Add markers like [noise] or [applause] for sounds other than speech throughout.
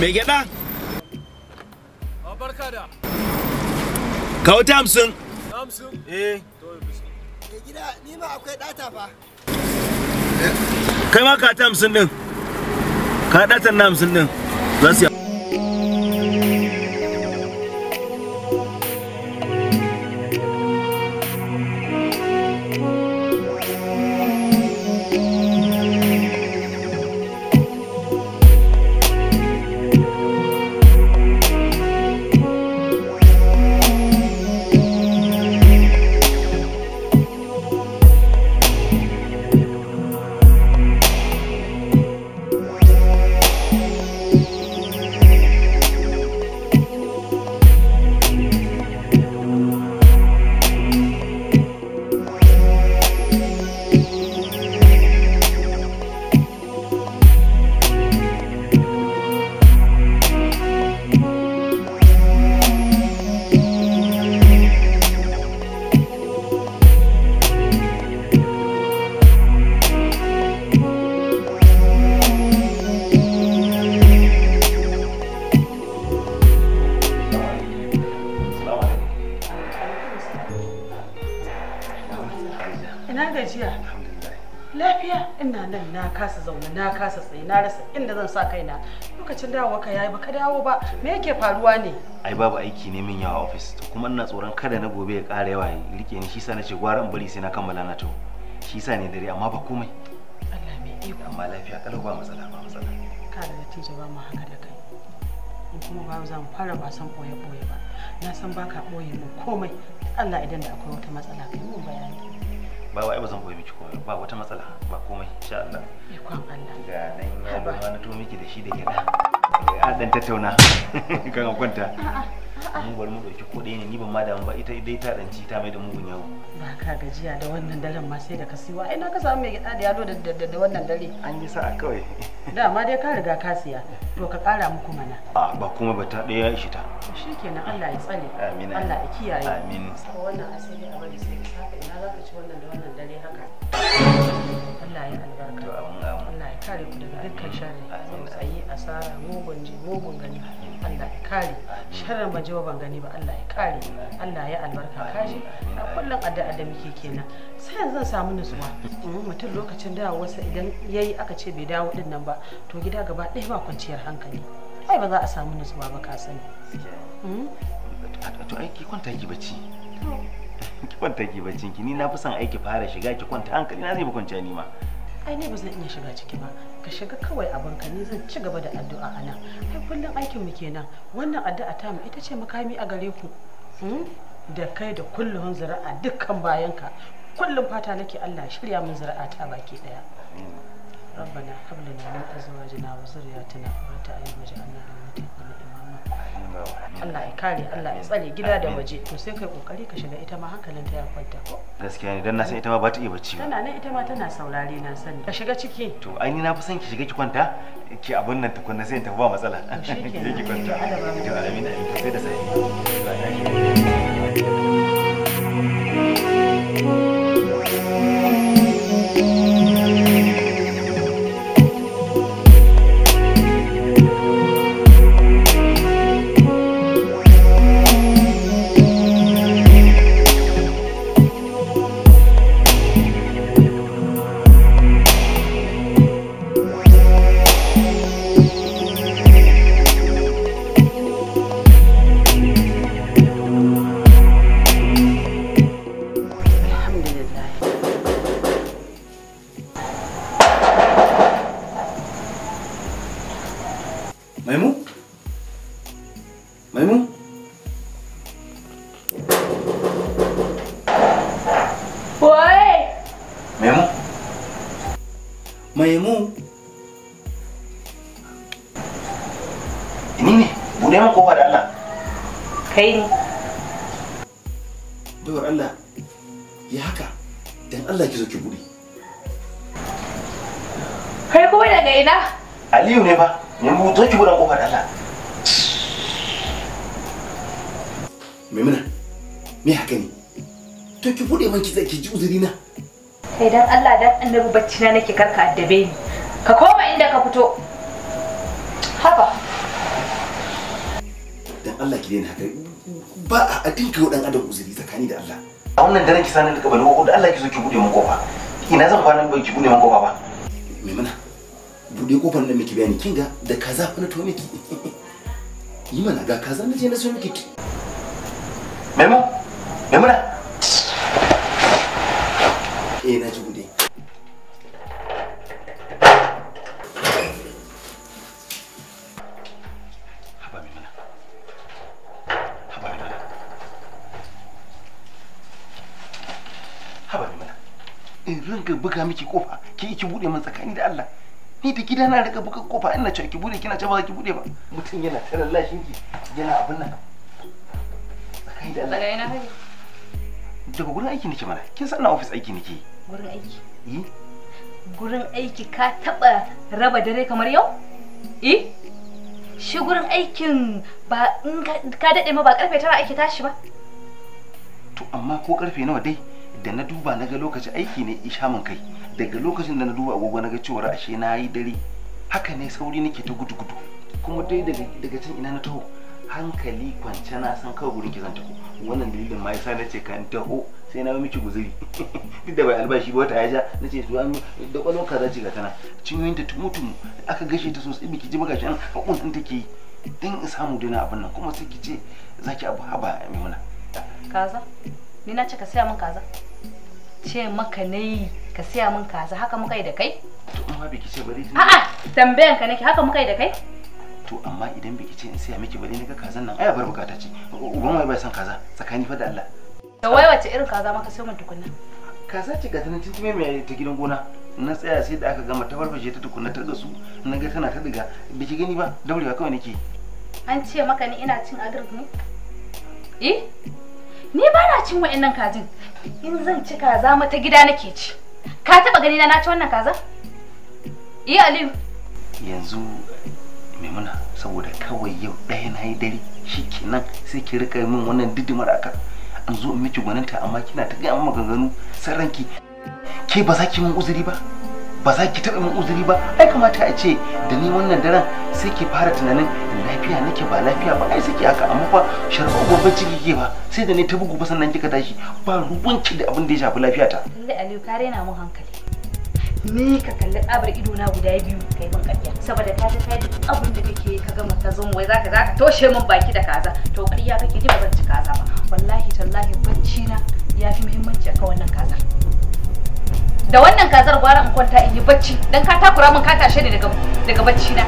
Mai gyaɗa? Barka da. Kawo ta hamsin. Hamsin? Eh. gida, ni ma akwai fa. Kai ma ka ta hamsin din Ka ɗatan na hamsin din Za su yi. zaune na kasa tsaye na rasa inda zan sa kaina lokacin dawowa ka yayi baka dawo ba me yake faruwa ne ai babu aiki ne min yawa office to kuma ina tsoron kada na gobe ya ƙara yawa ya rike ni shi sa nace gwara in bari sai na kammala na to shi sa ne dare amma ba komai Allah mai iko amma lafiya kada ba matsala ba matsala ka da natija ba mu haka da kai in kuma ba zan fara wasan san boye boye ba na san baka boye mu komai Allah idan da akwai wata matsala kai mu bayani ba wai ba zan koyi miki komai ba wata matsala ba komai insha Allah ikon Allah ga dan yaro ma na to miki da shi da gida a dan tattauna [laughs] kan kwanta ni bari mu dauki kuɗi ne ni ban ma damu ba ita dai ta danci ta mai da mugun yau. ba ka gajiya da wannan daren ma sai da ka siwa ai na ka samu mai gida da yalo da wannan dare an yi sa'a kawai ma dai ka riga ka siya to ka kara muku mana a ba kuma ba ta daya ishi ta shikenan Allah ya tsare amin Allah ya kiyaye amin wannan asiri a bari sai ka saka ina za ka ci wannan da wannan dare haka Allah ya albarka Allah ya kare ku daga dukkan sharri yi asara mugun ji mugun gani Allah ya kare sharrin ban jiwa ban gani ba Allah ya kare Allah ya albarka kaji a kullum addu'a da muke kenan sai yanzu samu nutsuwa mutum lokacin da dawowarsa idan yayi aka ce bai dawo din nan ba to gida gaba ɗaya ba kwanciyar hankali ai ba za a samu nutsuwa ba ka sani hmm? to ai ki kwanta ki bacci ki kwanta ki baccin ki ni na fi son aiki fara shiga ki kwanta hankali na zai bi kwanciya ni ma ai ne ba zan iya shiga ciki ba ka shiga kawai a ka ne zan ci gaba da addu'a a nan ai kullum aikin mu kenan wannan addu'a ta mu ita ce makami a gare ku hmm? da kai da kullum zuri'a dukkan bayan ka kullum fata nake Allah shirya min zuri'a ta baki daya ربنا هب من ازواجنا وذرياتنا قرة اعين واجعلنا Allah ya kare Allah ya tsare gida da waje to sai kai kokari ka shiga ita ma hankalin ta ya kwanta ko gaskiya ne dan na san ita ma ba ta iya bacci tana nan ita ma tana saurare na sani ka shiga ciki to ai ni na fi son ki shiga ki kwanta ki abun nan tukunna sai in tafi ba matsala [laughs] ki kwanta to amin sai da sai ni ne bude min kofa da Allah kai ne dawar Allah ya haka dan Allah ki zo ki bude kai kuma daga ina Aliyu ne ba mun bu zo ki bude kofa da Allah Maimuna me haka ne to ki bude man ki zai ki ji uzuri na kai dan Allah dan annabi bacci na nake karka addabe ni ka koma inda ka fito haba Allah ki daina haka ba a dinka yau dan adam uzuri tsakani da Allah a wannan daren ki sanin daga balwa da Allah ki zo ki bude mun kofa ina zan kwana ba ki bude mun kofa ba me mana bude kofar nan miki bayani kinga da kaza fa na to miki yi mana ga kaza na je na so miki memo memuna in ringa buga miki kofa ki ki bude min tsakani da Allah ni da gida na rika buga kofa ina cewa ki bude kina cewa ba ki bude ba mutum yana ta ki yana abin nan tsakani da Allah daga ina kake daga gurin aiki nake mana kin san na office aiki nake gurin aiki eh gurin aiki ka taba raba dare kamar yau eh shi gurin aikin ba in ka dade ma ba karfe tara ake tashi ba to amma ko karfe nawa dai da na duba na ga lokaci aiki ne isha kai daga lokacin da na duba agogo na ga cewar ashe na yi dare haka ne sauri nake ta gudu gudu kuma dai daga can ina na taho hankali kwance na san kawai gurin ki zan taho wannan dalilin ma yasa nace ka taho sai na miki guzuri [laughs] duk da bai albashi ba wata ya ja nace su an da kwalo kaza ce ga tana cinyoyin ta tumutum aka gashe ta sosai miki ji magashin hakun din take din in samu dina abin nan kuma sai ki ce zaki abu haba mai muna kaza ni na ce ka saya min kaza ce maka yi ka siya min kaza haka muka yi da kai to amma biki ce bari a'a tambayan ka nake haka muka yi da kai to amma idan biki ce in siya miki bari naga kazan nan ai bar bukata ce uban wai bai san kaza tsakani fa da Allah To wai wace irin kaza maka sai mun tukunna kaza ce ga tanan tuntume mai ta gidan gona na tsaya sai da aka gama ta farfashe ta tukunna ta gasu na ga tana ta diga biki gani ba daurewa kawai nake an ce maka ni ina cin agric ne eh Ni ba na cin wa'annan kajin. In zan ci kaza mata gida nake ci. Ka taba gani na ci wannan kaza? Iya Aliyu. Yanzu Maimuna saboda kawai yau ɗaya na yi dare shikenan sai ki rika min wannan didimar aka. An zo in miki gwaninta amma kina ta gaya maganganu san ranki. Ke ba za ki min uzuri ba? ba za ki taɓa min uzuri ba ai kamata a ce da ni wannan daren sai ki fara tunanin lafiya nake ba lafiya ba ai saki aka amma fa sharba gobe ciki ke ba sai da ni ta bugu ba sannan kika tashi ba ki da abin da ya shafi lafiyata lalle aliyu ka raina mun hankali ni ka kalli tsabar ido na guda biyu kai ban kafiya saboda ta ta kai abin da kake ka gama ta zo wai zaka zaka toshe min baki da kaza to ƙarya kake ji ba zan ci kaza ba wallahi tallahi bacci na ya fi muhimmanci akan wannan kaza da wannan kazar gwara in kwanta in yi bacci don ka takura min ka tashe ni daga daga bacci na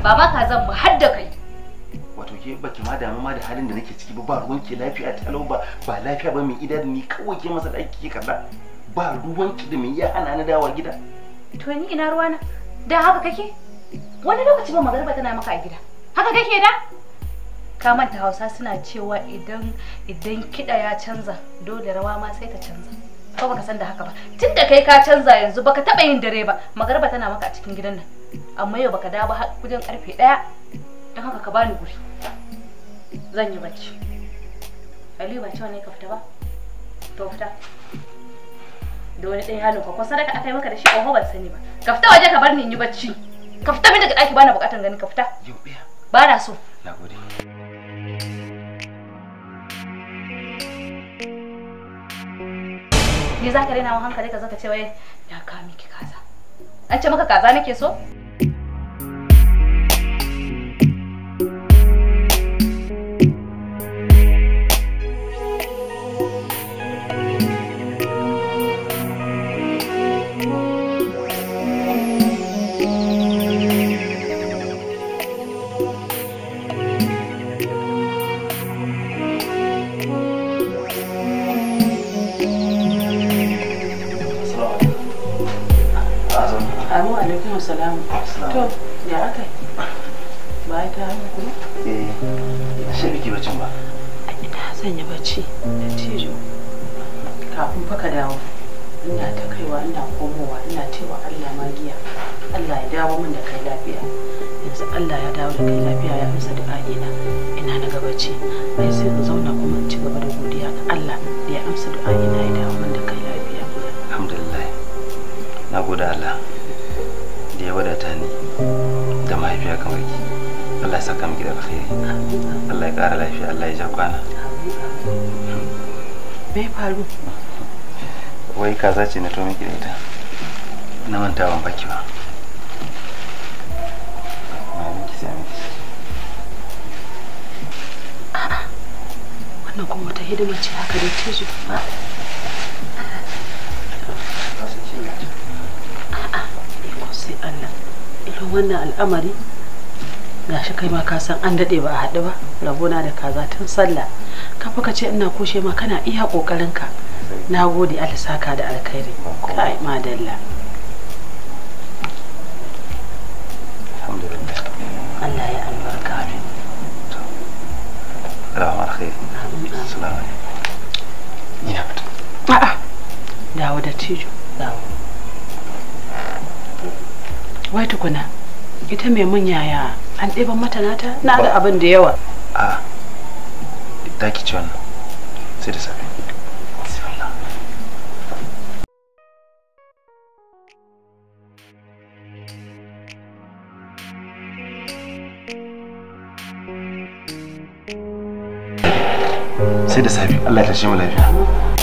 baba kazan ba, har da kai wato ke baki ma damu ma da halin da nake ciki ba ba ruwan ke lafiya ta lau ba ba lafiya ba mai da ni kawai ke masa daki ke kalla ba ruwan ki da mai ya hana na dawa gida to ni ina ruwana da haka kake wani lokaci ba magariba tana maka a gida haka kake da ka manta hausa suna cewa idan idan kiɗa ya canza dole rawa ma sai ta canza ba baka san da haka ba tun da kai ka canza yanzu baka taba yin dare ba magarba tana maka a cikin gidan nan amma yau baka dawo ba har karfe daya don haka ka bani guri zan yi bacci aliyu ba cewa ne ka fita ba to fita da wani ɗaya halin ko sadaka aka yi maka da shi ko ban sani ba ka fita waje ka bar ni in yi bacci ka fita min daga ɗaki bana bukatan ganin ka fita ba na so Nagode. Ni za ka wa hankali ka zaka ce wai ya kawo miki kaza. An ce maka kaza nake so? sanya bacci da tijo kafin faka dawo ina ta kaiwa ina komowa ina cewa Allah magiya Allah ya dawo min da kai lafiya yanzu Allah ya dawo da kai lafiya ya amsa du'a ina ina na gabaci mai sai in zauna kuma in ci gaba da godiya ga Allah da ya amsa du'a ina ya dawo min da kai lafiya alhamdulillah na gode Allah da ya wadata ni da mahaifiya kamar ki Allah ya saka miki da alkhairi Allah ya kara lafiya Allah ya ja kwana me faru wai kaza ce na to miki ita na manta ban baki ba wannan kuma hidima ce haka da ce ba a'a ikon sai Allah wannan al'amari ga shi kai ma ka san an daɗe ba a haɗu ba rabona da kaza tun sallah ka fa ka ce ina kushe ma kana iya kokarin ka na gode alisaka da alkhairi kai madalla Allah ya albarka Ramar Ina fito. A'a, dawo da tijo, dawo. Wai tukuna, ita mai mun yaya an ɗiban mata nata na da abin da yawa a ta ki ci wannan sai da safe sai da safe Allah ya tashe mu lafiya